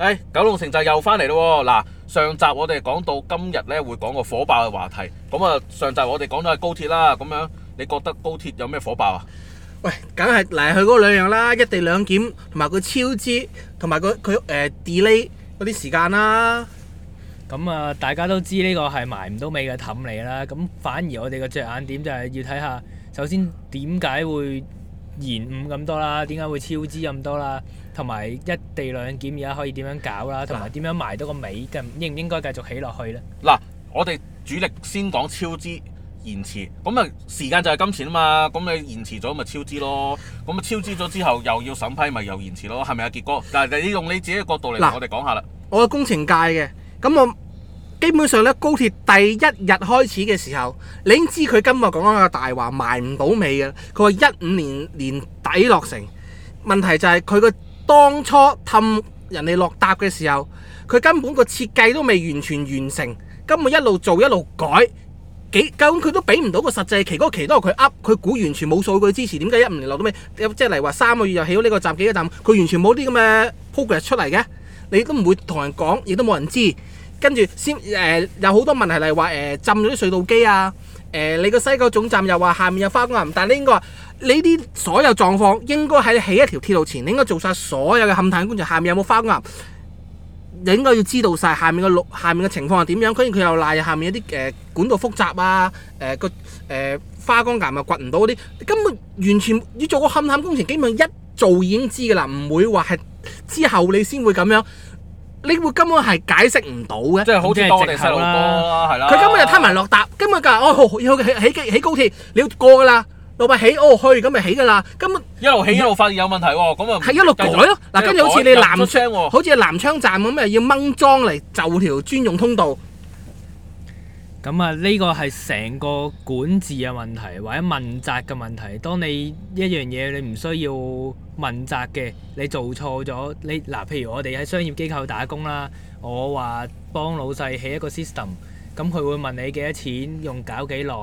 誒、哎，九龍城寨又翻嚟咯喎！嗱，上集我哋講到今日咧會講個火爆嘅話題，咁啊上集我哋講咗係高鐵啦，咁樣你覺得高鐵有咩火爆啊？喂，梗係嚟去嗰兩樣啦，一地兩檢同埋個超支，同埋個佢誒 delay 嗰啲時間啦。咁啊，大家都知呢個係埋唔到尾嘅氹嚟啦，咁反而我哋個着眼點就係要睇下，首先點解會？延誤咁多啦，點解會超支咁多啦？同埋一地兩檢而家可以點樣搞啦？同埋點樣埋到個尾？咁應唔應該繼續起落去咧？嗱，我哋主力先講超支延遲，咁啊時間就係金錢啊嘛，咁你延遲咗咪超支咯？咁啊超支咗之後又要審批，咪又延遲咯？係咪啊，傑哥？嗱，你用你自己嘅角度嚟，我哋講下啦。我係工程界嘅，咁我。基本上咧，高鐵第一日開始嘅時候，你已經知佢今日講緊個大話埋唔到尾嘅。佢話一五年年底落成，問題就係佢個當初氹人哋落搭嘅時候，佢根本個設計都未完全完成。根本一路做一路改，幾究竟佢都畀唔到個實際期嗰期都係佢噏，佢估完全冇數據支持。點解一五年落到尾？即係嚟話三個月就起咗呢個站幾個站？佢完全冇啲咁嘅 progress 出嚟嘅，你都唔會同人講，亦都冇人知。跟住先，誒有好多問題，嚟話，誒浸咗啲隧道機啊，誒、呃、你個西九總站又話下面有花崗岩，但係你應該話你啲所有狀況應該喺起一條鐵路前，你應該做晒所有嘅勘探工程，下面有冇花崗岩，你應該要知道晒下面嘅路，下面嘅情況係點樣。跟住佢又賴下面有啲誒管道複雜啊，誒個誒花崗岩又掘唔到嗰啲，根本完全要做個勘探工程，基本上一做已經知㗎啦，唔會話係之後你先會咁樣。你會根本係解釋唔到嘅，即係好似我哋細路哥啦，係啦。佢根本就聽埋落搭。根本就哦要起起機起高鐵，你要過噶啦，落、哦、去起哦去咁咪起噶啦，根本一路起、嗯、一路發現有問題喎，咁啊係一路改咯。嗱，跟住好似你南昌喎，好似南昌站咁又要掹裝嚟就條專用通道。咁啊，呢、呢個係成個管治嘅問題，或者問責嘅問題。當你一樣嘢，你唔需要。問責嘅，你做錯咗，你嗱，譬如我哋喺商業機構打工啦，我話幫老細起一個 system，咁佢會問你幾多錢，用搞幾耐，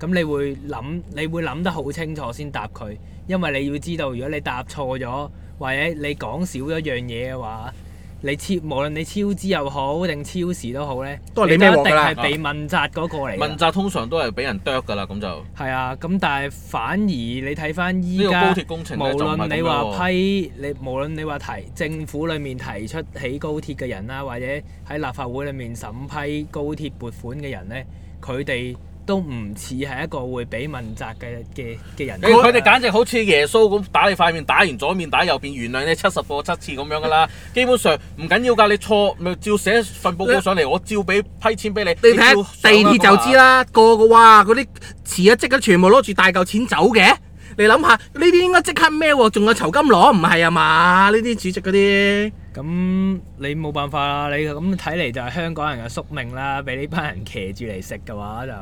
咁你會諗，你會諗得好清楚先答佢，因為你要知道，如果你答錯咗，或者你講少一樣嘢嘅話。你超無論你超支又好定超時都好咧，你一定係被問責嗰個嚟、啊。問責通常都係俾人啄㗎啦，咁就。係啊，咁但係反而你睇翻依家，高鐵工程無論你話批你，無論你話提政府裡面提出起高鐵嘅人啦，或者喺立法會裡面審批高鐵撥款嘅人咧，佢哋，都唔似係一個會俾問責嘅嘅嘅人。佢哋簡直好似耶穌咁打你塊面，打完左面打右邊，原諒你七十個七次咁樣噶啦。 基本上唔緊要㗎，你錯咪照寫一份報告上嚟，你我照俾批錢俾你。你睇地鐵就知啦，個個話，嗰啲遲一即刻全部攞住大嚿錢走嘅。你諗下，呢啲應該即刻咩喎？仲有酬金攞唔係啊嘛？呢啲主席嗰啲。咁你冇辦法啦，你咁睇嚟就係香港人嘅宿命啦。俾呢班人騎住嚟食嘅話就。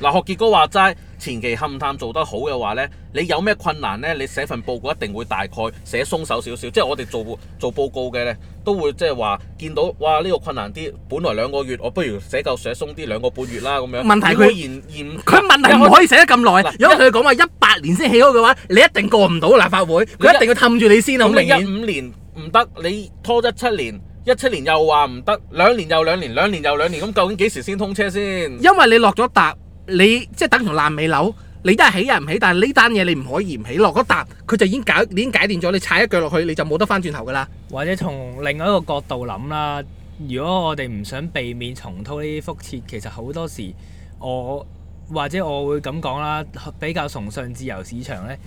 嗱，學傑哥話齋前期勘探做得好嘅話呢，你有咩困難呢？你寫份報告一定會大概寫鬆手少少，即係我哋做做報告嘅呢，都會即係話見到哇呢個困難啲，本來兩個月我不如寫夠寫鬆啲兩個半月啦咁樣。問題佢嚴嚴佢問題唔可以寫得咁耐。啊、如果佢講話一八年先起好嘅話，你一定過唔到立法會，佢一定要氹住你先啊。五年五年唔得，你拖咗七年一七年又話唔得，兩年又兩年兩年又兩年，咁究竟幾時先通車先？因為你落咗達。你即係等同爛尾樓，你都係起人唔起，但係呢單嘢你唔可以唔起落嗰笪，佢就已經解已經解掂咗，你踩一腳落去你就冇得翻轉頭噶啦。或者從另外一個角度諗啦，如果我哋唔想避免重蹈呢啲覆轍，其實好多時我或者我會咁講啦，比較崇尚自由市場咧，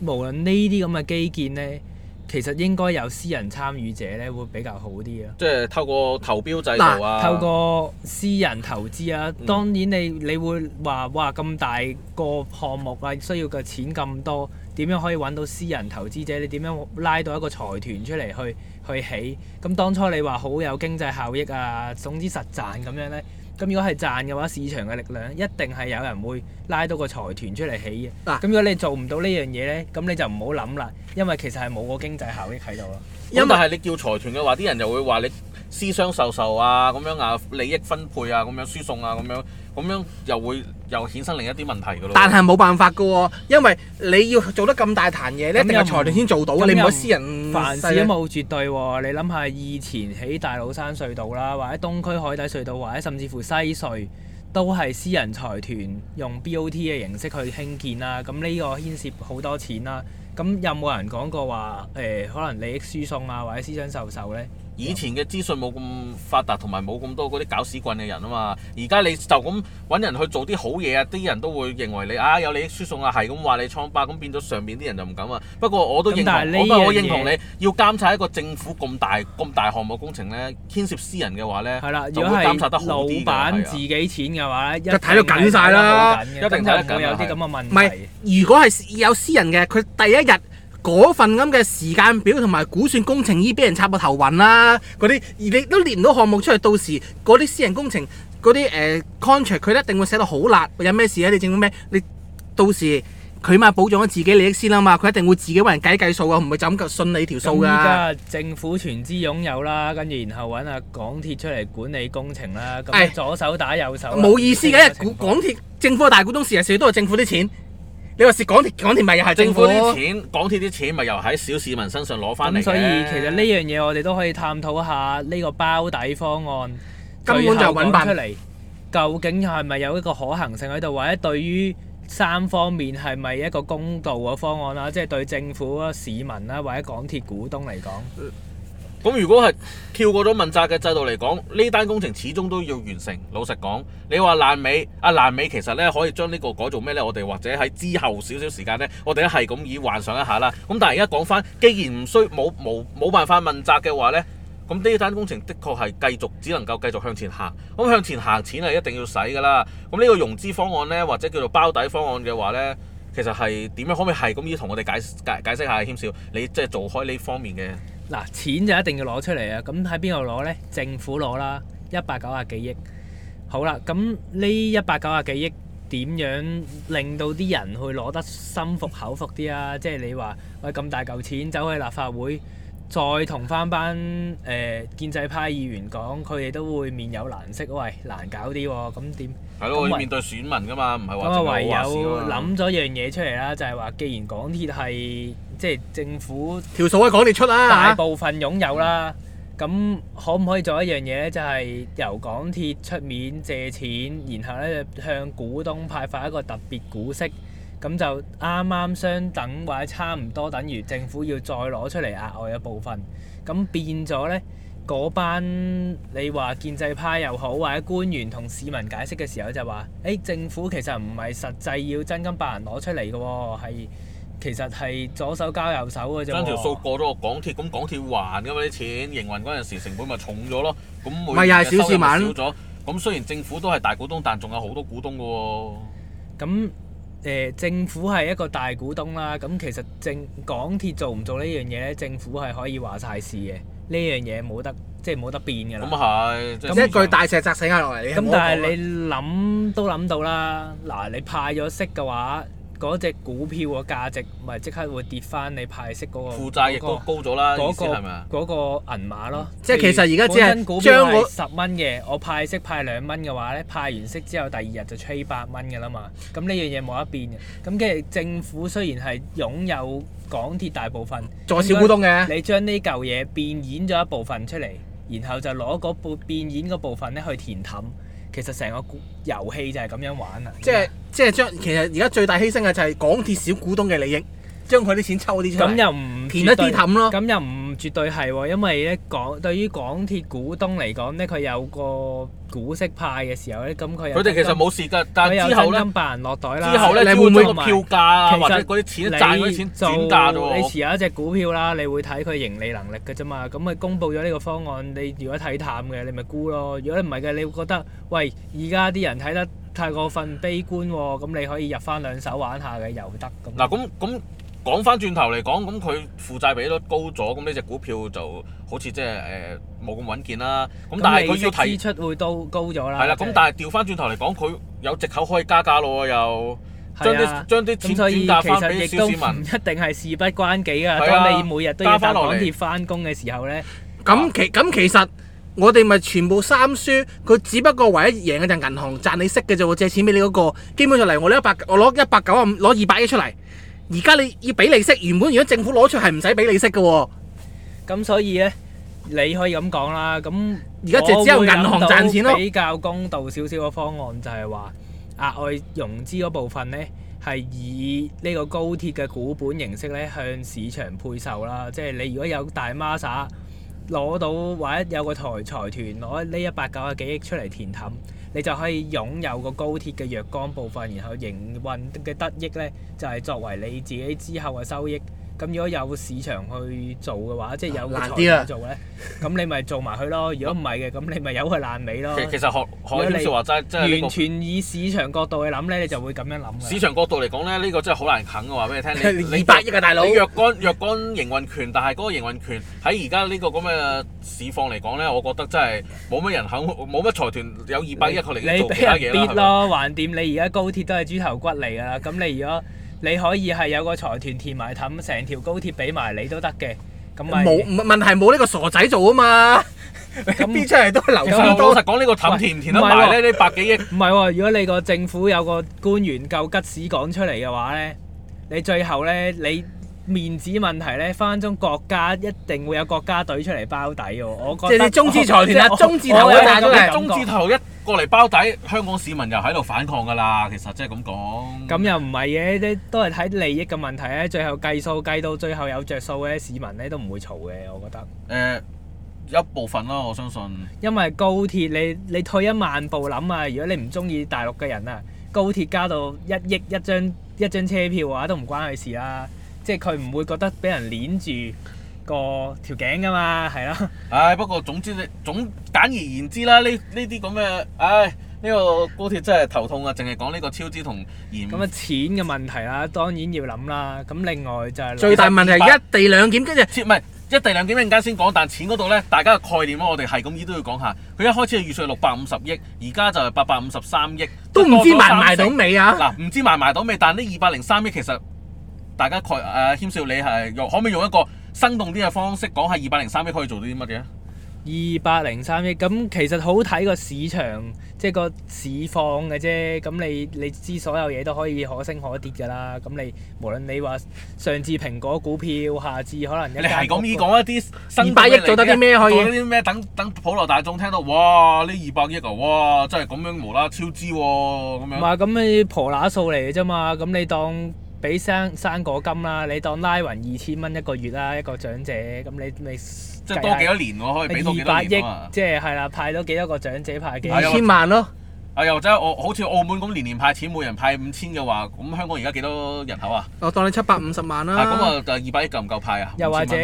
無論呢啲咁嘅基建咧。其實應該有私人參與者咧，會比較好啲啊！即係透過投標制度啊，透過私人投資啊。當然你、嗯、你會話哇咁大個項目啊，需要嘅錢咁多，點樣可以搵到私人投資者？你點樣拉到一個財團出嚟去去起？咁當初你話好有經濟效益啊，總之實賺咁樣咧。咁如果係賺嘅話，市場嘅力量一定係有人會拉到個財團出嚟起嘅。咁、啊、如果你做唔到呢樣嘢咧，咁你就唔好諗啦，因為其實係冇個經濟效益喺度啊。咁為但係你叫財團嘅話，啲人就會話你私相授受啊，咁樣啊，利益分配啊，咁樣、啊、輸送啊，咁樣。咁樣又會又衍生另一啲問題㗎咯。但係冇辦法㗎喎、哦，因為你要做得咁大壇嘢咧，一定係財團先做到。你唔好私人，凡事都冇絕對喎、哦。 你諗下以前喺大老山隧道啦，或者東區海底隧道，或者甚至乎西隧，都係私人財團用 BOT 嘅形式去興建啦。咁呢個牽涉好多錢啦。咁有冇人講過話誒、呃？可能利益輸送啊，或者思想受受咧？以前嘅資訊冇咁發達，同埋冇咁多嗰啲搞屎棍嘅人啊嘛。而家你就咁搵人去做啲好嘢啊，啲人都會認為你啊有利益輸送啊，係咁話你瘡疤，咁變咗上面啲人就唔敢啊。不過我都認同，我我認同你要監察一個政府咁大咁大項目工程咧，牽涉私人嘅話咧，就會監察得好啲嘅。係啦，如果係老闆自己錢嘅話，就睇到緊晒啦，一定睇到緊嘅。會有啲咁嘅問題。唔係，如果係有私人嘅，佢第一日。嗰份咁嘅時間表同埋估算工程已，俾人插個頭暈啦、啊，嗰啲而你都連唔到項目出嚟，到時嗰啲私人工程嗰啲誒 contract，佢一定會寫到好辣。有咩事咧、啊？你政府咩？你到時佢咪保障咗自己利益先啦、啊、嘛？佢一定會自己揾人計計數啊，唔會就咁個信你條數㗎。而家政府全資擁有啦，跟住然後揾下港鐵出嚟管理工程啦，咁左手打右手。冇唉意思嘅、啊，港鐵政府嘅大股東時，事實都係政府啲錢。你話係港鐵，港鐵咪又係政府啲錢，港鐵啲錢咪又喺小市民身上攞返嚟。咁所以其實呢樣嘢我哋都可以探討下呢個包底方案，根本就講出嚟究竟係咪有一個可行性喺度，或者對於三方面係咪一個公道嘅方案啦？即係對政府啦、市民啦，或者港鐵股東嚟講。呃咁如果係跳過咗問責嘅制度嚟講，呢單工程始終都要完成。老實講，你話爛尾，阿爛尾其實呢可以將呢個改做咩呢？我哋或者喺之後少少時間呢，我哋一係咁以幻想一下啦。咁但係而家講返，既然唔需冇冇冇辦法問責嘅話呢，咁呢單工程的確係繼續只能夠繼續向前行。咁向前行錢係一定要使噶啦。咁、這、呢個融資方案呢，或者叫做包底方案嘅話呢，其實係點樣可唔可以係咁以同我哋解解，解，解，解釋下？謙少，你即係做開呢方面嘅。嗱，錢就一定要攞出嚟啊！咁喺邊度攞呢？政府攞啦，一百九廿幾億。好啦，咁呢一百九廿幾億點樣令到啲人去攞得心服口服啲啊？即係你話喂，咁大嚿錢走去立法會，再同翻班誒、呃、建制派議員講，佢哋都會面有難色。喂，難搞啲喎，咁、嗯、點？係咯，嗯、因為要面對選民噶嘛，唔係話就唯有諗咗樣嘢出嚟啦，就係話，既然港鐵係即係政府條數，以港鐵出啦，大部分擁有啦。咁、嗯、可唔可以做一樣嘢咧？就係、是、由港鐵出面借錢，然後咧向股東派發一個特別股息。咁就啱啱相等或者差唔多，等於政府要再攞出嚟額外嘅部分。咁變咗呢嗰班你話建制派又好，或者官員同市民解釋嘅時候就話，誒、欸、政府其實唔係實際要真金白銀攞出嚟嘅喎，係其實係左手交右手嘅啫、哦。將條數過咗個港鐵，咁港鐵還嘅嘛啲錢，營運嗰陣時成本咪重咗咯？咁咪又係少少萬咯。咁、啊、雖然政府都係大股東，但仲有好多股東嘅喎、哦。咁呃、政府係一個大股東啦，咁其實政港鐵做唔做呢樣嘢咧，政府係可以話晒事嘅，呢樣嘢冇得即係冇得變㗎啦。咁啊、嗯、那一句大石砸死下落嚟。咁但係是 你諗都諗到啦，嗱你派咗息嘅話。嗰隻股票個價值咪即刻會跌翻？你派息嗰個負債亦都高咗啦，意思係咪啊？嗰個銀碼咯，即係其實而家只係將十蚊嘅，我派息派兩蚊嘅話咧，派完息之後第二日就吹八蚊嘅啦嘛。咁呢樣嘢冇得變嘅。咁跟住政府雖然係擁有港鐵大部分，做小股東嘅，你將呢嚿嘢變現咗一部分出嚟，然後就攞嗰部變現嗰部分咧去填氹。其實成個遊戲就係咁樣玩啦，即係即係將其實而家最大犧牲嘅就係港鐵小股東嘅利益，將佢啲錢抽啲出嚟，填一啲氹咯。咁又唔？絕對係喎，因為咧港對於港鐵股東嚟講咧，佢有個股息派嘅時候咧，咁佢佢哋其實冇事噶，但係之後咧，白人落袋啦。之後咧，你會唔會個票價其實或者嗰啲錢賺咗錢轉價喎？你持有一隻股票啦，你會睇佢盈利能力㗎啫嘛。咁啊，公佈咗呢個方案，你如果睇淡嘅，你咪沽咯。如果你唔係嘅，你會覺得喂，而家啲人睇得太過分悲觀喎。咁你可以入翻兩手玩下嘅又得。嗱咁咁。那那講翻轉頭嚟講，咁佢負債比率高咗，咁呢隻股票就好似即係誒冇咁穩健啦。咁但係佢要支出會都高咗啦。係啦的，咁是但係調翻轉頭嚟講，佢有藉口可以加價咯，又將啲的將啲錢所以其實亦都唔一定係事不關己啊！的當你每日都要搭港鐵翻工嘅時候咧，咁其咁其實我哋咪全部三輸，佢只不過唯一贏嗰陣銀行賺你息嘅啫喎，就會借錢俾你嗰、那個基本上嚟，我攞百我攞一百九啊五攞二百億出嚟。而家你要俾利息，原本如果政府攞出係唔使俾利息嘅喎、哦，咁所以呢，你可以咁講啦。咁而家就只有銀行賺錢咯。比較公道少少嘅方案就係話，額外融資嗰部分呢，係以呢個高鐵嘅股本形式呢向市場配售啦。即係你如果有大 m a 攞到，或者有個台財團攞呢一百九啊幾億出嚟填氹。你就可以擁有個高鐵嘅若干部分，然後營運嘅得益咧，就係、是、作為你自己之後嘅收益。咁如果有市場去做嘅話，即係有個財團去做咧，咁點你咪做埋佢咯。如果唔係嘅，咁你咪由佢爛尾咯。其實學學果你做話齋，即係、這個、完全以市場角度去諗咧，你就會咁樣諗。市場角度嚟講咧，呢、這個真係好難啃嘅話俾你聽。你二百億嘅、啊、大佬！你若干若干營運權，但係嗰個營運權喺而家呢個咁嘅市況嚟講咧，我覺得真係冇乜人肯，冇乜財團有二百億佢嚟做，你做其他嘢啊！你跌咯，橫掂？你而家高鐵都係豬頭骨嚟㗎啦，咁你如果你可以係有個財團填埋氹，成條高鐵俾埋你都得嘅。咁咪冇問題，冇呢個傻仔做啊嘛。咁邊、嗯、 出嚟都係留翻。咁老有實講呢個氹填唔填，填得埋咧？呢、啊、百幾億唔係喎。啊、 如果你個政府有個官員夠吉屎講出嚟嘅話咧，你最後咧你。 面子問題咧，分分鐘國家一定會有國家隊出嚟包底喎。我覺得即係啲中字我頭啊，中字頭中字頭一過嚟包底，香港市民又喺度反抗噶啦。其實即係咁講。咁又唔係嘅，都都係睇利益嘅問題咧。最後計數計到最後有着數嘅市民咧都唔會嘈嘅。我覺得。誒、呃、一部分啦，我相信。因為高鐵你你退一萬步諗啊，如果你唔中意大陸嘅人啊，高鐵加到一億一張一張車票嘅話，都唔關佢事啦。即係佢唔會覺得俾人綁住個條頸噶嘛，係咯。唉，不過總之，總簡而言之啦，呢呢啲咁嘅，唉，呢個高鐵真係頭痛啊！淨係講呢個超支同嚴。咁啊，錢嘅問題啦，當然要諗啦。咁另外就係最大問題係一地兩檢，跟住唔係一地兩檢，一陣間先講。但係錢嗰度咧，大家嘅概念咯，我哋係咁依都要講下。佢一開始預算六百五十億，而家就係八百五十三億，都唔知埋唔埋到尾啊？嗱，唔知埋埋到尾？但係呢二百零三億其實。大家確誒，謙少，你係用可唔可以用一個生動啲嘅方式講下二百零三億可以做到啲乜嘢？二百零三億咁，其實好睇個市場，即係個市況嘅啫。咁你你知所有嘢都可以可升可跌㗎啦。咁你無論你話上至蘋果股票，下至可能你係咁意講一啲新百億做得啲咩？可以做啲咩？等等普羅大眾聽到，哇！呢二百億啊，哇！真係咁樣無啦超支喎，咁樣唔係咁，你婆乸數嚟嘅啫嘛。咁你當？俾生生果金啦，你當拉勻二千蚊一個月啦，一個長者，咁你你即係多幾多年我、啊、可以俾到二百、啊、億，即係係啦，派多幾多個長者派幾千萬咯、啊。啊又或者我好似澳門咁年年派錢，每人派五千嘅話，咁香港而家幾多人口啊？我當你七百五十萬啦。咁啊，啊就二百億夠唔夠派啊？啊又或者，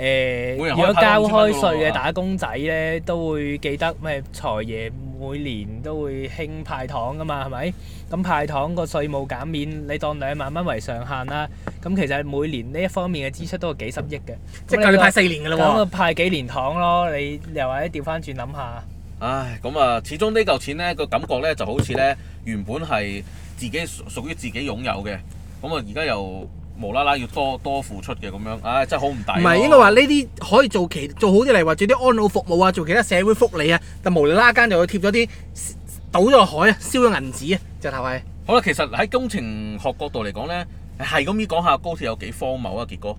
誒、呃，如果交開稅嘅打工仔咧，都會記得咩財爺每年都會興派糖噶嘛，係咪？咁派糖個稅務減免，你當兩萬蚊為上限啦。咁其實每年呢一方面嘅支出都係幾十億嘅。即係夠你派四年㗎啦喎！咁啊，派幾年糖咯？你又或者調翻轉諗下？唉，咁啊，始終呢嚿錢咧個感覺咧就好似咧原本係自己屬於自己擁有嘅，咁啊而家又～無啦啦要多多付出嘅咁樣，唉，真係好唔抵。唔係應該話呢啲可以做其做好啲嚟，或者啲安老服務啊，做其他社會福利啊，就無啦啦間又貼咗啲倒咗海啊，燒咗銀紙啊，就係。好啦，其實喺工程學角度嚟講咧，係咁樣講下高鐵有幾荒謬啊，傑哥。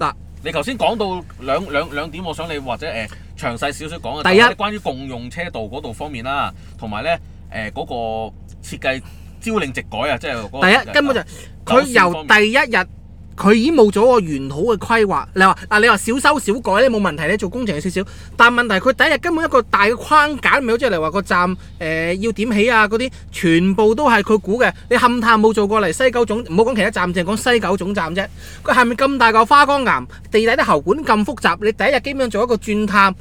嗱，你頭先講到兩兩兩點，我想你或者誒詳細少少講啊。第一，關於共用車道嗰度方面啦，同埋咧誒嗰個設計朝令直改啊，即係。第一根本就。佢由第一日，佢已經冇咗個完好嘅規劃。你話嗱，你話少修少改咧冇問題咧，做工程有少少。但問題係佢第一日根本一個大嘅框架都未有出嚟，話個站誒要點起啊嗰啲，全部都係佢估嘅。你勘探冇做過嚟，西九總，唔好講其他站，淨係講西九總站啫。佢係咪咁大嚿花崗岩地底啲喉管咁複雜？你第一日基本上做一個鑽探，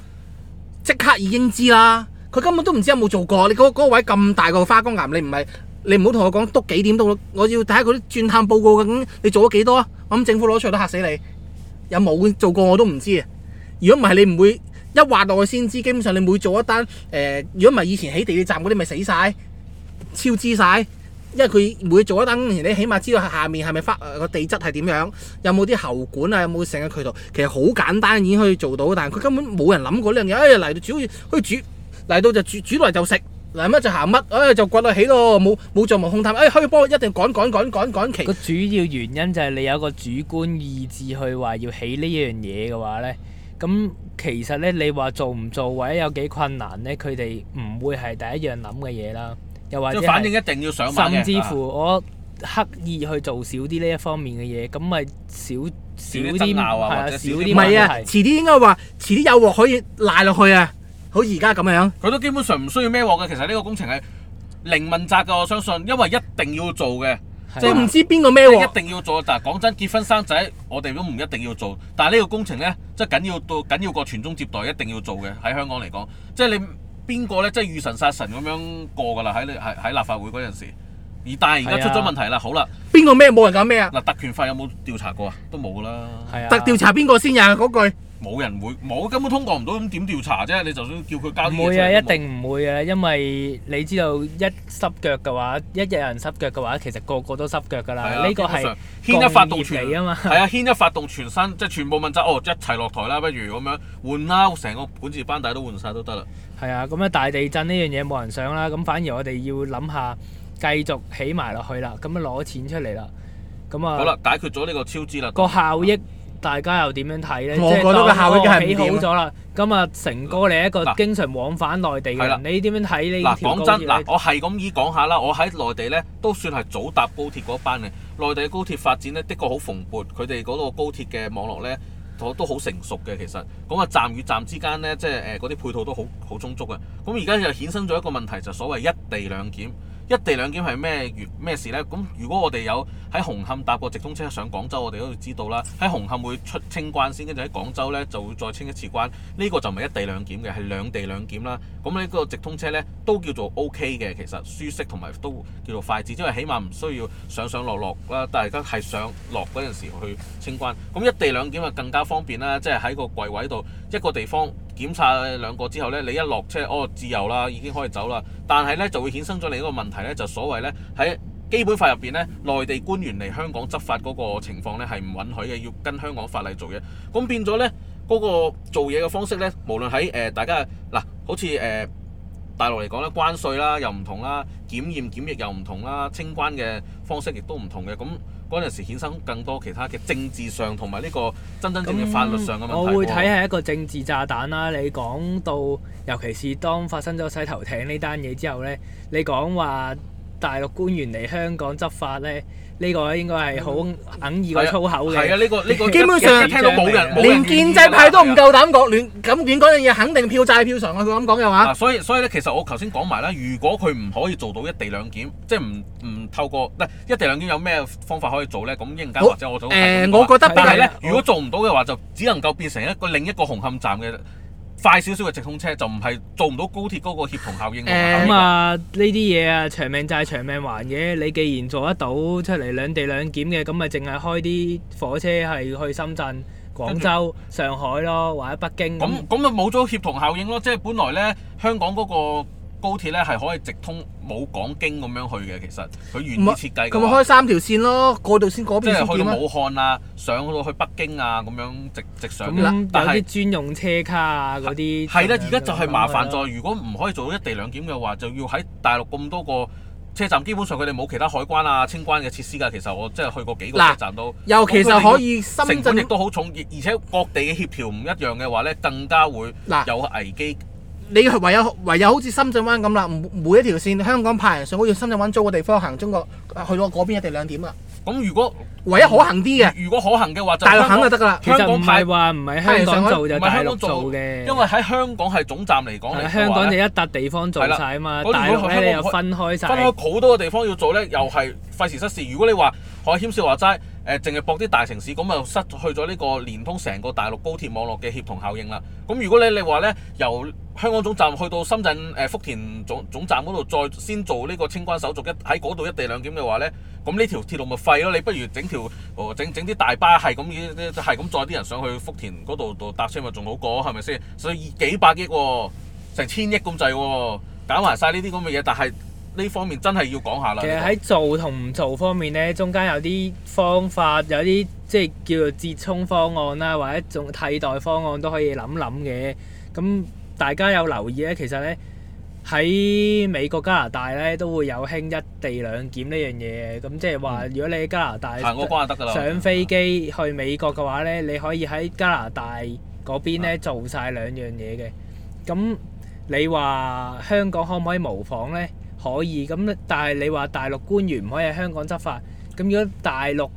即刻已經知啦。佢根本都唔知有冇做過。你嗰嗰位咁大嚿花崗岩，你唔係？你唔好同我講督幾點督咯，我要睇下嗰啲鑽探報告嘅。究竟你做咗幾多啊？我諗政府攞出嚟都吓死你，有冇做過我都唔知。如果唔係你唔會一挖落去先知，基本上你每做一單誒，如果唔係以前起地鐵站嗰啲咪死晒，超支晒。因為佢每做一單，你起碼知道下面係咪發個地質係點樣，有冇啲喉管啊，有冇成個渠道。其實好簡單已經可以做到，但係佢根本冇人諗過呢樣嘢，哎呀嚟到煮去煮嚟到就煮煮落嚟就食。嗱乜就行乜，哎就掘到起咯，冇冇做無控探，哎開波一定趕趕趕趕趕期。個主要原因就係你有個主觀意志去要話要起呢樣嘢嘅話咧，咁其實咧你話做唔做或者有幾困難咧，佢哋唔會係第一樣諗嘅嘢啦。又或者，反正一定要上買，甚至乎我刻意去做少啲呢一方面嘅嘢，咁咪少少啲，係少啲，唔係啊，遲啲、啊啊、應該話遲啲有鑊可以賴落去啊！好，而家咁樣，佢都基本上唔需要孭鑊嘅。其實呢個工程係零問責嘅，我相信，因為一定要做嘅，啊、就唔知邊個孭一定要做，但係講真，結婚生仔我哋都唔一定要做。但係呢個工程咧，即係緊要到緊要過傳宗接代，一定要做嘅。喺香港嚟講，即、就、係、是、你邊個咧，即係遇神殺神咁樣過㗎啦。喺你喺立法會嗰陣時，而但係而家出咗問題啦。好啦，邊個孭？冇人講咩啊？嗱了，孭鑊孭鑊特權法有冇調查過啊？都冇啦。特調查邊個先呀、啊？嗰句。冇人會冇根本通過唔到，咁點調查啫，你就算叫佢交。唔會啊，一定唔會啊，因為你知道一濕腳嘅話，一日有人濕腳嘅話，其實個個都濕腳㗎啦。呢、啊、個係牽一發動全啊嘛。係啊，牽一發動全身，即係全部問責哦，一齊落台啦，不如咁樣換啦，成個管治班底都換晒都得啦。係啊，咁、嗯、啊大地震呢樣嘢冇人想啦，咁反而我哋要諗下繼續起埋落去啦，咁啊攞錢出嚟啦，咁啊。好啦，解決咗呢個超支啦。 個效益。 大家又點樣睇咧？我覺得個效益已經係比好咗啦。咁啊，成哥，你一個經常往返內地嘅人，啊、你點樣睇呢個講，啊、真，嗱，我係咁意講下啦。我喺內地咧都算係早搭高鐵嗰班嘅。內地嘅高鐵發展咧，的確好蓬勃。佢哋嗰個高鐵嘅網絡咧，都好成熟嘅。其實咁啊，站與站之間咧，即係誒嗰啲配套都好好充足嘅。咁而家就衍生咗一個問題，就所謂一地兩檢。一地兩檢係咩？咩事呢？咁如果我哋有喺紅磡搭過直通車上廣州，我哋都會知道啦。喺紅磡會出清關先，跟住喺廣州呢就會再清一次關。呢個就唔係一地兩檢嘅，係兩地兩檢啦。咁呢個直通車呢都叫做 OK 嘅，其實舒適同埋都叫做快捷，因為起碼唔需要上上落落啦。但係而家係上落嗰陣時候去清關，咁一地兩檢啊更加方便啦，即係喺個櫃位度一個地方。檢查兩個之後呢，你一落車哦，自由啦，已經可以走啦。但係呢，就會衍生咗另一個問題呢，就所謂呢，喺基本法入邊呢，內地官員嚟香港執法嗰個情況呢，係唔允許嘅，要跟香港法例做嘢。咁變咗呢，嗰、嗰個做嘢嘅方式呢，無論喺誒、呃、大家嗱、呃，好似誒、呃、大陸嚟講咧關稅啦又唔同啦，檢驗檢疫又唔同啦，清關嘅方式亦都唔同嘅咁。嗰陣時衍生更多其他嘅政治上同埋呢個真真正嘅法律上嘅問題喎。我會睇係一個政治炸彈啦。你講到尤其是當發生咗洗頭艇呢單嘢之後呢，你講話大陸官員嚟香港執法呢。呢個應該係好硬異個粗口嘅，係啊！呢個呢個基本上聽到冇人，連建制派都唔夠膽講，亂咁亂嗰樣嘢，肯定票債票償啊！佢咁講嘅話，所以所以咧，其實我頭先講埋啦。如果佢唔可以做到一地兩檢，即係唔唔透過，一地兩檢有咩方法可以做咧？咁一陣間或者我早好我覺得但係咧，對對對如果做唔到嘅話，就只能夠變成一個另一個紅磡站嘅。快少少嘅直通車就唔係做唔到高鐵嗰個協同效應咁、嗯、啊，呢啲嘢啊，長命債長命還嘅。你既然做得到出嚟兩地兩檢嘅，咁咪淨係開啲火車係去深圳、廣州、著上海咯，或者北京。咁咁咪冇咗協同效應咯，即係本來呢，香港嗰、嗰個。高鐵咧係可以直通武港京咁樣去嘅，其實佢原意設計佢咪開三條線咯，過到先嗰邊。即係去到武漢啊，啊上去到去北京啊咁樣直直上啦。咁、嗯、有啲專用車卡啊嗰啲。係啦，而家就係麻煩在，的如果唔可以做到一地兩檢嘅話，就要喺大陸咁多個車站，基本上佢哋冇其他海關啊、清關嘅設施㗎。其實我即係去過幾個車站都，又其實可以成本亦都好重，而且各地嘅協調唔一樣嘅話咧，更加會有危機。你唯有唯有好似深圳灣咁啦，每一條線香港派人上，好似深圳灣租個地方行中國，去到嗰邊一定兩點啦。咁如果唯一可行啲嘅，如果可行嘅話，大陸行就得噶啦。其實唔係話唔係香港做就大陸做嘅，因為喺香港係總站嚟講嘅話，香港就一笪地方做曬啊嘛。但係了你又分開晒。分開好多個地方要做咧，又係費事失事。如果你話海謙少話齋。誒，淨係駁啲大城市，咁啊失去咗呢個連通成個大陸高鐵網絡嘅協同效應啦。咁如果咧，你話呢，由香港總站去到深圳誒、呃、福田總總站嗰度，再先做呢個清關手續一喺嗰度一地兩檢嘅話呢，咁呢條鐵路咪廢咯？你不如整條、哦、整整啲大巴係咁，係咁載啲人上去福田嗰度度搭車咪仲好過，係咪先？所以幾百億、啊，成千億咁、啊、滯，搞埋晒呢啲咁嘅嘢，但係。呢方面真係要講下啦。其實喺做同唔做方面呢，中間有啲方法，有啲即係叫做折衝方案啦，或者一種替代方案都可以諗諗嘅。咁大家有留意呢？其實呢，喺美國加拿大呢，都會有興一地兩檢呢樣嘢。咁即係話，如果你喺加拿大，上飛機去美國嘅話呢，嗯、你可以喺加拿大嗰邊呢做晒兩樣嘢嘅。咁你話香港可唔可以模仿呢？可以咁，但係你話大陸官員唔可以喺香港執法，咁如果大陸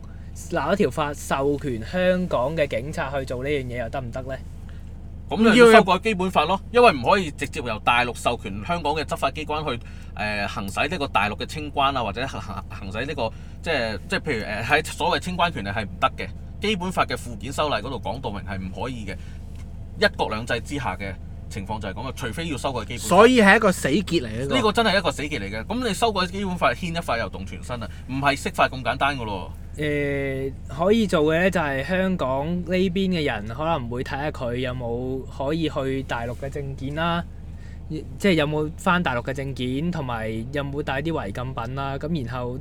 攞一條法授權香港嘅警察去做呢樣嘢又得唔得呢？咁就要修改基本法咯，因為唔可以直接由大陸授權香港嘅執法機關去誒、呃、行使呢個大陸嘅清關啊，或者行行使呢個即係即係譬如誒喺所謂清關權力係唔得嘅，基本法嘅附件修例嗰度講到明係唔可以嘅，一國兩制之下嘅。情況就係咁啊，除非要修改基本，所以係一個死結嚟嘅。呢、這個、個真係一個死結嚟嘅。咁你修改基本法牽一塊又動全身啊，唔係釋法咁簡單㗎咯。誒、呃，可以做嘅咧就係香港呢邊嘅人可能會睇下佢有冇可以去大陸嘅證件啦、啊，即係有冇返大陸嘅證件，同埋有冇帶啲違禁品啦、啊。咁然後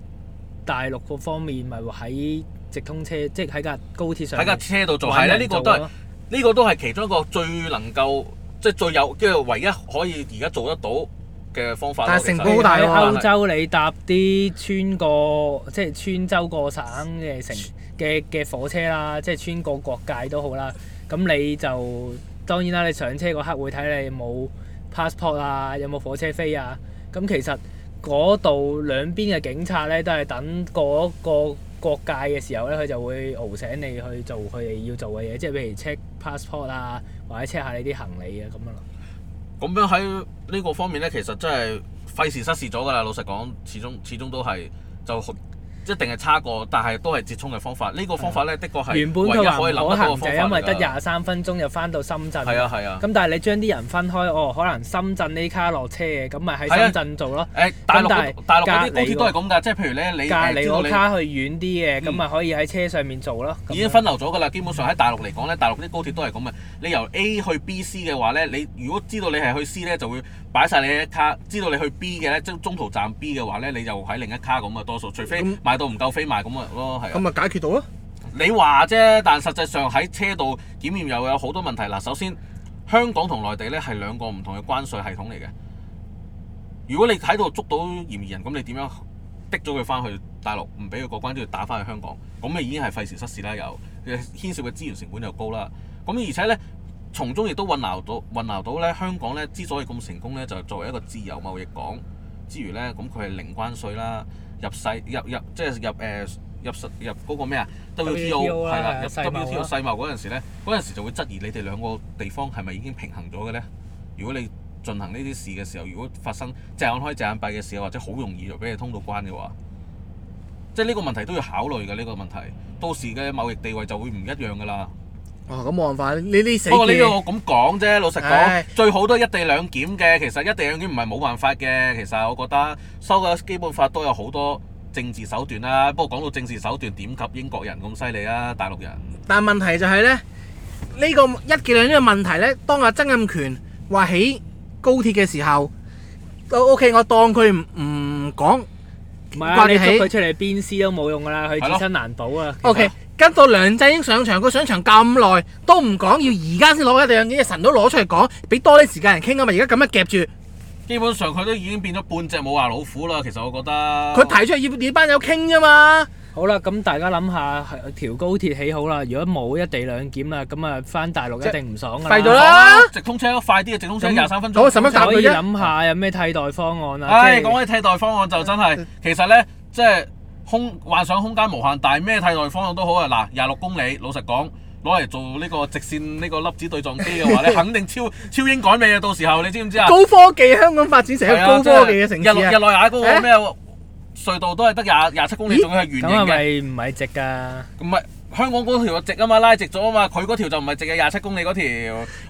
大陸嗰方面咪喺直通車，即係喺架高鐵上，上。喺架車度做係啦，呢個都呢、這個都係其中一個最能夠。即係最有，即係唯一可以而家做得到嘅方法。但係成本大喎。歐洲，你搭啲穿過，即係穿州過省嘅城嘅嘅火車啦，即係穿過國界都好啦。咁你就當然啦，你上車嗰刻會睇你冇 passport 啊，有冇火車飛啊。咁其實嗰度兩邊嘅警察咧，都係等過一個國界嘅時候咧，佢就會熬醒你去做佢哋要做嘅嘢，即係譬如 check passport 啊。或者 check 下你啲行李嘅咁啊，咁樣喺呢個方面咧，其實真係費事失事咗噶啦。老實講，始終始終都係就。一定係差過，但係都係折衷嘅方法。呢、呢個方法呢，的確係唯一可以留得嗰個方法。原本唔可行嘅，因為得廿三分鐘又翻到深圳。係啊係啊。咁、啊、但係你將啲人分開，哦，可能深圳呢卡落車嘅，咁咪喺深圳做咯。係啊、呃。大陸是大陸啲高鐵都係咁㗎，即係譬如咧，你隔離嗰卡去遠啲嘅，咁咪、嗯、可以喺車上面做咯。已經分流咗㗎啦，樣基本上喺大陸嚟講呢，大陸啲高鐵都係咁嘅。你由 A 去 B、C 嘅話呢，你如果知道你係去 C 呢，就會。擺晒你一卡，知道你去 B 嘅咧，即中途站 B 嘅話咧，你就喺另一卡咁啊，多數。除非買到唔夠飛賣咁啊，咯，係。咁咪，解決到咯。你話啫，但實際上喺車度檢驗又有好多問題。嗱，首先香港同內地咧係兩個唔同嘅關稅系統嚟嘅。如果你喺度捉到嫌疑人，咁你點樣逼咗佢翻去大陸，唔俾佢過關都要打翻去香港，咁你已經係費時失事啦，又牽涉嘅資源成本又高啦。咁而且咧。從中亦都混淆到混淆到咧，香港咧之所以咁成功咧，就作為一個自由貿易港之餘咧，咁佢係零關稅啦，入世入入即係入誒入入嗰個咩啊 WTO 係啦，WTO 世貿嗰陣時咧，嗰陣時就會質疑你哋兩個地方係咪已經平衡咗嘅咧？如果你進行呢啲事嘅時候，如果發生隻眼開隻眼閉嘅時候，或者好容易就俾你通到關嘅話，即係呢個問題都要考慮嘅。呢個問題到時嘅貿易地位就會唔一樣㗎啦。哦，咁冇辦法，呢啲死。不過呢個我咁講啫，老實講，最好都一地兩檢嘅。其實一地兩檢唔係冇辦法嘅。其實我覺得收嘅基本法都有好多政治手段啦。不過講到政治手段，點及英國人咁犀利啊？大陸人。但問題就係咧，呢個一地兩檢嘅問題咧，當阿曾蔭權話起高鐵嘅時候，OK，我當佢唔講，掛住起佢出嚟鞭屍都冇用噶啦，佢自身難保啊。OK。跟到梁振英上場，佢上場咁耐都唔講，要而家先攞一地兩檢嘅神都攞出嚟講，俾多啲時間人傾啊嘛！而家咁樣夾住，基本上佢都已經變咗半隻冇牙老虎啦。其實我覺得，佢提出要要班友傾啫嘛。好啦，咁大家諗下係條高鐵起好啦。如果冇一地兩檢啊，咁啊翻大陸一定唔爽噶啦。快到啦，直通車咯，快啲嘅直通車廿三那分鐘。我可以諗下、啊、有咩替代方案啦。唉、啊，講起、哎、替代方案就真係，其實咧 即係。空幻想空間無限，但係咩替代方向都好啊！嗱，廿六公里，老實講，攞嚟做呢個直線呢個粒子對撞機嘅話咧， 你肯定超超英趕美啊！到時候你知唔知啊？高科技，香港發展成個高科技嘅城市啊！日日內瓦嗰個咩隧道都係得廿廿七公里，仲要係圓形嘅，唔係直噶。唔係。香港嗰條又直啊嘛，拉直咗啊嘛，佢嗰條就唔係直嘅廿七公里嗰條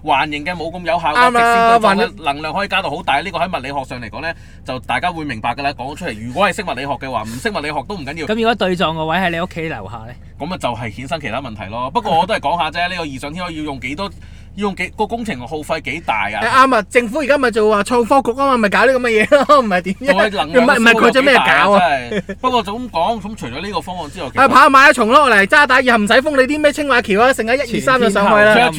環形嘅冇咁有效，啊、直線對撞嘅能量可以加到好大，呢、這個喺物理學上嚟講呢，就大家會明白噶啦，講咗出嚟。如果係識物理學嘅話，唔 識物理學都唔緊要，要。咁如果對撞嘅位喺你屋企樓下呢，咁啊就係衍生其他問題咯。不過我都係講下啫，呢、這個異想天可以用幾多？ 要用幾個工程耗費幾大啊？誒啱啊！政府而家咪做話創科局啊嘛，咪搞呢咁嘅嘢咯，唔係點？唔係唔係，佢做咩搞啊？不過就咁講咁，除咗呢個方案之外，啊跑馬拉松咯，嚟渣打然後唔使封你啲咩青馬橋啊，剩下一二三就上去啦。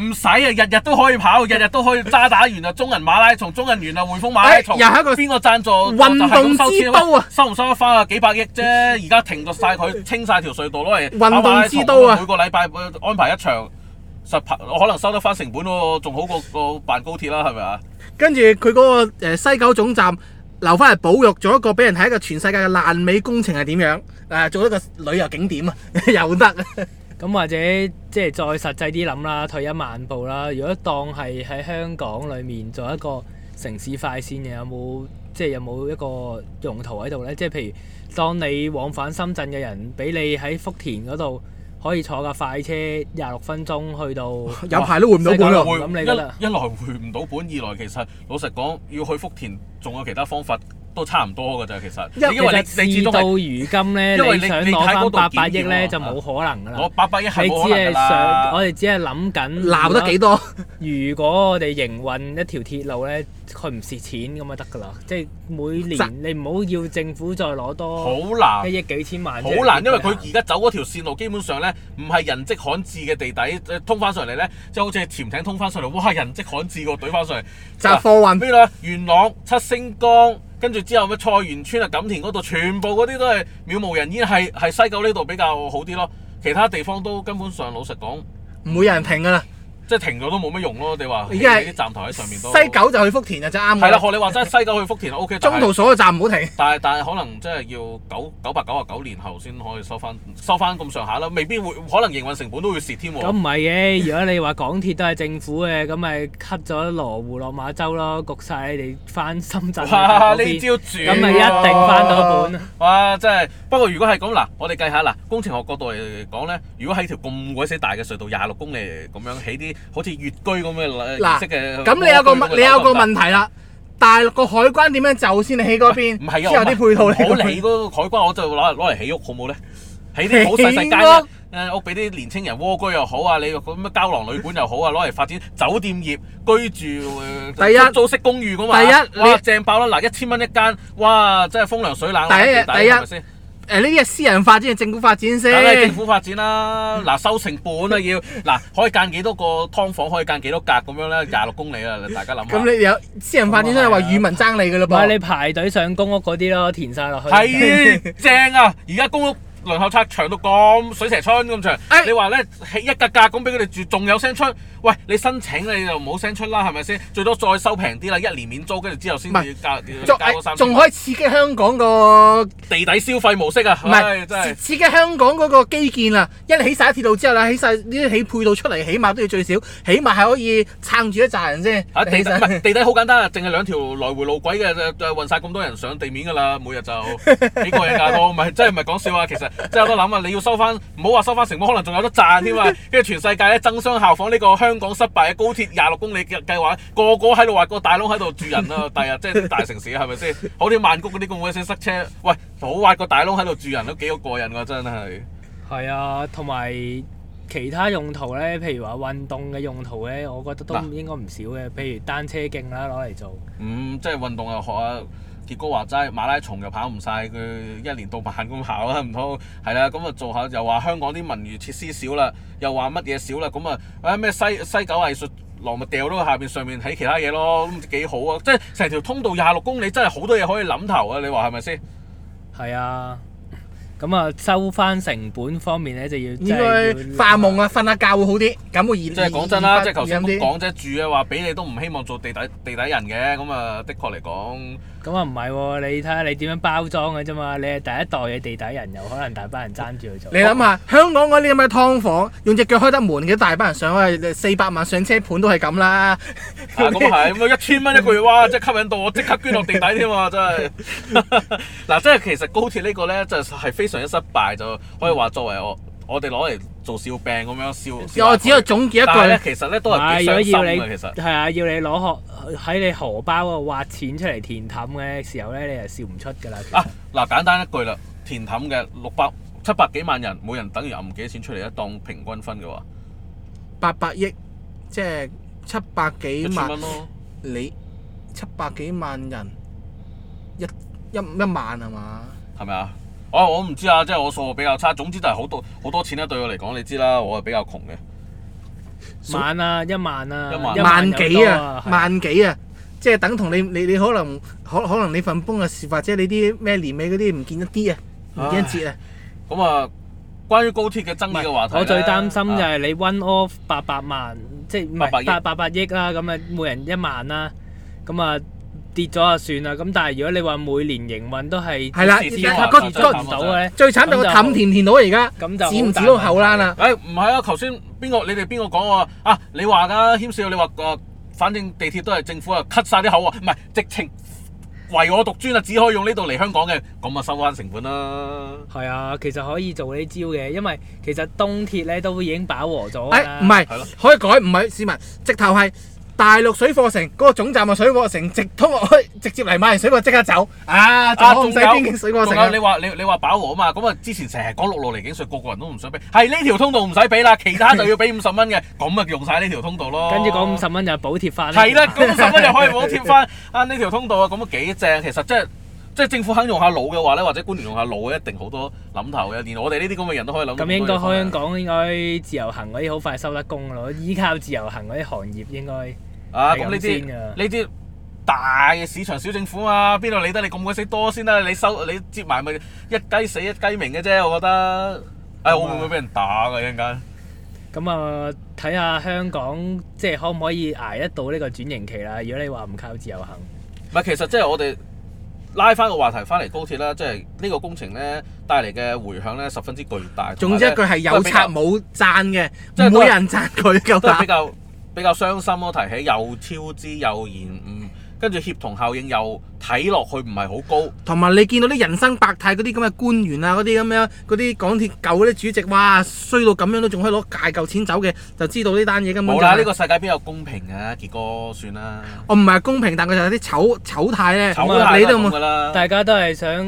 唔使啊，日日都可以跑，日日都可以渣打完就中人馬拉松，中人完就匯豐馬拉松。又邊個贊助？運動之都啊！收唔收得翻啊？幾百億啫，而家停咗晒佢清晒條隧道咯嚟。運動之都啊！每個禮拜安排一場。實我可能收得翻成本喎，仲好過個辦高鐵啦，係咪啊？跟住佢嗰個西九總站留翻嚟保育，做一個俾人睇一個全世界嘅爛尾工程係點樣？誒、啊，做一個旅遊景點啊， 又得以。咁、嗯、或者即係再實際啲諗啦，退一萬步啦。如果當係喺香港裡面做一個城市快線，有冇即係有冇一個用途喺度呢？即係譬如當你往返深圳嘅人，俾你喺福田嗰度，可以坐架快車廿六分鐘去到。有排都回唔到本咯，咁回你得一一來回唔到本，二來其實老實講要去福田，仲有其他方法都差唔多嘅啫。其實因為,因為你到如今咧，你,你,你,你想攞翻八百億咧，啊、就冇可能噶啦。攞八百億係可能你只係想，我哋只係諗緊。鬧得幾多？如果, 如果我哋營運一條鐵路咧？佢唔蝕錢咁咪得㗎啦，即係每年你唔好要，要政府再攞多好難，一億幾千萬。好難，因為佢而家走嗰條線路，基本上咧唔係人跡罕至嘅地底，通翻上嚟咧，即係好似潛艇通翻上嚟，哇！人跡罕至個堆翻上嚟，就貨運邊啦？元朗、七星崗，跟住之後咩菜園村啊、錦田嗰度，全部嗰啲都係渺無人煙，係係西九呢度比較好啲咯，其他地方都根本上老實講唔會有人停㗎啦。即係停咗都冇乜用咯，你話而家喺啲站台喺上面都西九就去福田就真啱喎。係啦，學你話西西九去福田，O K。OK, 是中途所有站唔好停。但係但係可能真係要九九百九啊九年後先可以收翻收翻咁上下啦，未必會可能營運成本都會蝕添喎。咁唔係嘅，如果你話港鐵都係政府嘅，咁咪 cut 咗羅湖落馬洲咯，焗曬你哋翻深圳嗰邊。哇！呢招咁咪一定翻到本。哇！真係，不過如果係咁嗱，我哋計下嗱，工程學角度嚟講咧，如果喺條咁鬼死大嘅隧道廿六公里咁樣起啲。好似越居咁嘅嗱色嘅，咁你有個問你有個問題啦。大陸個海關點樣就先？你起嗰邊，唔係有啲配套。好，你嗰個海關，我就攞嚟攞嚟起屋好唔好咧？起啲好細細間咧，我俾啲年青人蝸居又好啊，你咁咩膠囊旅館又好啊，攞嚟發展酒店業居住第一，租式公寓咁嘛？第一哇正爆啦！嗱一千蚊一間，哇真係風涼水冷第一第一先。誒呢啲係私人發展定政府發展先？梗係政府發展、啊、 啦，嗱收成本啊要，嗱可以間幾多個劏房，可以間幾多格咁樣咧，廿六公里啦、啊，大家諗下。咁 你有私人發展都係話與民爭利嘅咯噃。唔係你排隊上公屋嗰啲咯，填晒落去。係正啊！而家公屋。 輪候冊長到咁水蛇春咁長，哎、你話咧起一格格咁俾佢哋住，仲有聲出？喂，你申請你就冇聲出啦，係咪先？最多再收平啲啦，一年免租，跟住之後先至加是加仲多可以刺激香港個地底消費模式啊！係咪是？即係、哎、刺激香港嗰個基建啊！一起晒啲鐵路之後啦，起晒呢啲起配套出嚟，起碼都要最少，起碼係可以撐住一扎人先。其實、啊、地底好簡單啊，淨係兩條來回路，路軌嘅，就運曬咁多人上地面㗎啦。每日就幾 個人架多，唔係真係唔係講笑啊！其實。 即真有得諗啊！你要收翻，唔好話收翻成本，可能仲有得賺添啊！跟住全世界咧爭相效仿呢個香港失敗嘅高鐵廿六公里嘅計劃，個個喺度挖個大窿喺度住人啊！第日 即係大城市係咪先？好似曼谷嗰啲咁，我先塞車，喂，好挖個大窿喺度住人都幾好過癮噶真係。係啊，同埋其他用途咧，譬如話運動嘅用途咧，我覺得都應該唔少嘅。啊、譬如單車徑啦，攞嚟做。嗯，即係運動又學下。結果話齋馬拉松又跑唔晒，佢一年到晚咁跑啦，唔通係啦？咁啊、嗯、做下又話香港啲文娛設施少啦，又話乜嘢少啦？咁、嗯、啊，啊咩西西九藝術廊咪掉咗下邊，上面睇其他嘢咯，都唔知幾好啊！即係成條通道廿六公里，真係好多嘢可以諗頭啊！你話係咪先？係啊，咁啊收翻成本方面咧，就要應該發夢啊，瞓下覺會好啲咁嘅意。即係以不 講真啦，即係頭先冇講啫，住啊話俾你都唔希望做地底地底人嘅咁啊，的確嚟講。咁啊唔係喎，你睇下你點樣包裝嘅啫嘛，你係第一代嘅地底人，又可能大班人爭住去做。你諗下，哦、香港嗰啲咁嘅劏房，用隻腳開得門嘅，大班人上去，四百萬上車盤都係咁啦。咁啊係，咁一千蚊一個月，哇！即係吸引到我即刻捐落地底添 啊！真係。嗱，即係其實高鐵呢個咧，就係非常之失敗，就可以話作為我。我哋攞嚟做笑柄咁樣笑，我只要總結一句。但係咧，其實咧都係幾傷心要你其實。係啊，要你攞荷喺你荷包度挖錢出嚟填氹嘅時候咧，你就笑唔出㗎啦。其實啊！嗱，簡單一句啦，填氹嘅六百七百幾萬人，每人等於入幾錢出嚟一當平均分嘅話，八百億，即係七百幾萬。一千蚊咯。你七百幾萬人，一一一,一萬係嘛？係咪啊？啊、哦！我唔知啊，即係我數學比較差。總之就係好多好多錢啦，對我嚟講，你知啦，我係比較窮嘅。萬啊！一萬啊！嗯、一萬幾啊！萬幾啊，的啊！即係等同你你你可能可可能你份工嘅事或者你啲咩年尾嗰啲唔見一啲啊，唔見一折啊！咁啊，關於高鐵嘅爭議嘅話題、啊，我最擔心就係你 one off 八百萬，就是、億即係八八百億啦，咁啊，每人一萬啦，咁啊。跌咗就算啦，咁但係如果你話每年營運都係係啦，割割唔到咧，最慘就個氹甜甜到田田，而家，就，止唔止到後欄啦？誒，唔係啊，頭先邊個你哋邊個講我啊？你話噶謙少，你話誒，反正地鐵都係政府啊 cut 晒啲口喎、啊，唔係直情唯我獨尊啊，只可以用呢度嚟香港嘅，咁啊收翻成本啦、啊。係啊、嗯，其實可以做呢招嘅，因為其實東鐵咧都已經飽和咗啦。誒、哎，唔係，可以改，唔係市民，直頭係。大陸水貨城嗰，那個總站啊，水貨城直通啊，直接嚟買水貨即刻走啊！仲、啊、有仲你話你你話飽和啊嘛，咁啊之前成日講六路嚟景水，以個個人都唔想俾，係呢條通道唔使俾啦，其他就要俾五十蚊嘅，咁啊 用晒呢條通道咯。跟住講五十蚊就補貼翻。係啦， 五十蚊就可以補貼翻 啊呢條通道啊，咁啊幾正。其實即係即係政府肯用下腦嘅話或者官員用下腦，一定好多諗頭嘅。連我哋呢啲咁嘅人都可以諗。咁應該香港應，應該自由行嗰啲好快收得工咯，依靠自由行嗰啲行業應該。啊！咁呢啲呢啲大嘅市場小政府啊，邊度理得你咁鬼死多先得？你、啊、你收你接埋咪一雞死一雞鳴嘅啫，我覺得。誒、哎，嗯啊、會唔會俾人打㗎？一陣間。咁啊，睇下香港即係可唔可以捱得到呢個轉型期啦？如果你話唔靠自由行。唔係，其實即係我哋拉翻個話題翻嚟高鐵啦，即係呢個工程咧帶嚟嘅回響咧十分之巨大。總之佢係有拆冇贊嘅，即係冇人贊佢㗎。覺得比較比較傷心咯，提起又超支又延誤，跟住，嗯，協同效應又睇落去唔係好高，同埋你見到啲人生百態嗰啲咁嘅官員啊，嗰啲咁樣嗰啲港鐵舊嗰啲主席，哇衰到咁樣都仲可以攞大嚿錢走嘅，就知道呢單嘢根本冇啦。呢、呢個世界邊有公平嘅？傑哥算啦。我唔係公平，但佢就有啲醜醜態咧。醜態，醜態你大家都係想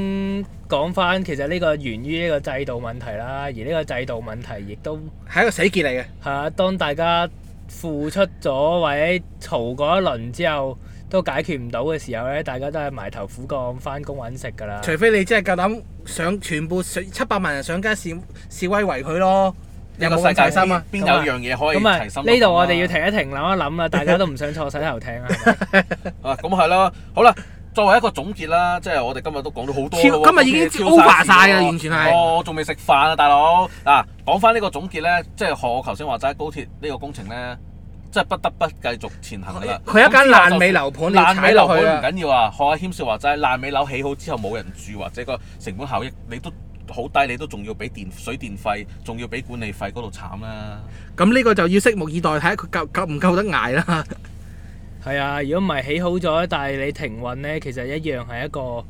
講翻，其實呢個源於呢個制度問題啦，而呢個制度問題亦都係一個死結嚟嘅。係啊，當大家付出咗或者嘈過一輪之後，都解決唔到嘅時候咧，大家都係埋頭苦幹翻工揾食㗎啦。除非你真係夠膽上全部上七百萬人上街示示威圍佢咯。有冇提心啊？邊有樣嘢可以咁啊，呢度、嗯嗯、我哋要停一停諗一諗啦，大家都唔想坐洗頭艇啊。啊、嗯，咁係咯，好啦。作為一個總結啦，即係我哋今日都講咗好多，今日已經 over 晒啦，完全係。我仲未食飯啊，大佬。嗱，講翻呢個總結咧，即係學我頭先話齋高鐵呢個工程咧，即係不得不繼續前行啦。佢一間爛尾樓盤，你踩落去啊！唔緊要啊，何亞謙少話齋，爛尾樓起好之後冇人住，或者個成本效益你都好低，你都仲要俾電水電費，仲要俾管理費、啊，嗰度慘啦。咁呢個就要拭目以待，睇下佢夠唔夠得捱啦。係啊！如果唔係起好咗，但係你停運咧，其實一樣係一個，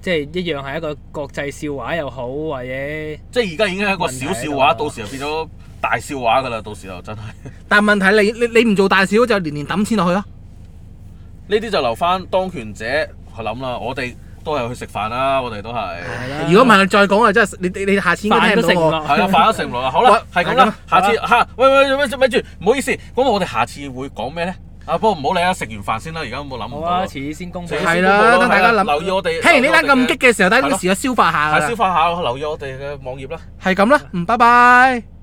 即係一樣係一個國際笑話又好，或者即係而家已經係一個小笑話，到時就變咗大笑話㗎啦！到時候真係。但係問題，你你你唔做大笑，就年年揼錢落去咯。呢啲就留翻當權者去諗啦。我哋都係去食飯啦。我哋都係。如果唔係再講啊，真係你下次我聽唔到個。係啊，飯都食唔落啊！好啦，係咁啦，下次嚇喂喂喂，咪住唔好意思。咁我哋下次會講咩咧？不過唔好理啊，食完飯先啦。而家冇諗咁多。我一先公布。係啦。啊、對大家諗，啊。留意我哋。聽完呢單咁激嘅時候，等啲時間消化下啦。消化下，留意我哋嘅網頁啦。係咁啦，嗯，拜拜。拜拜。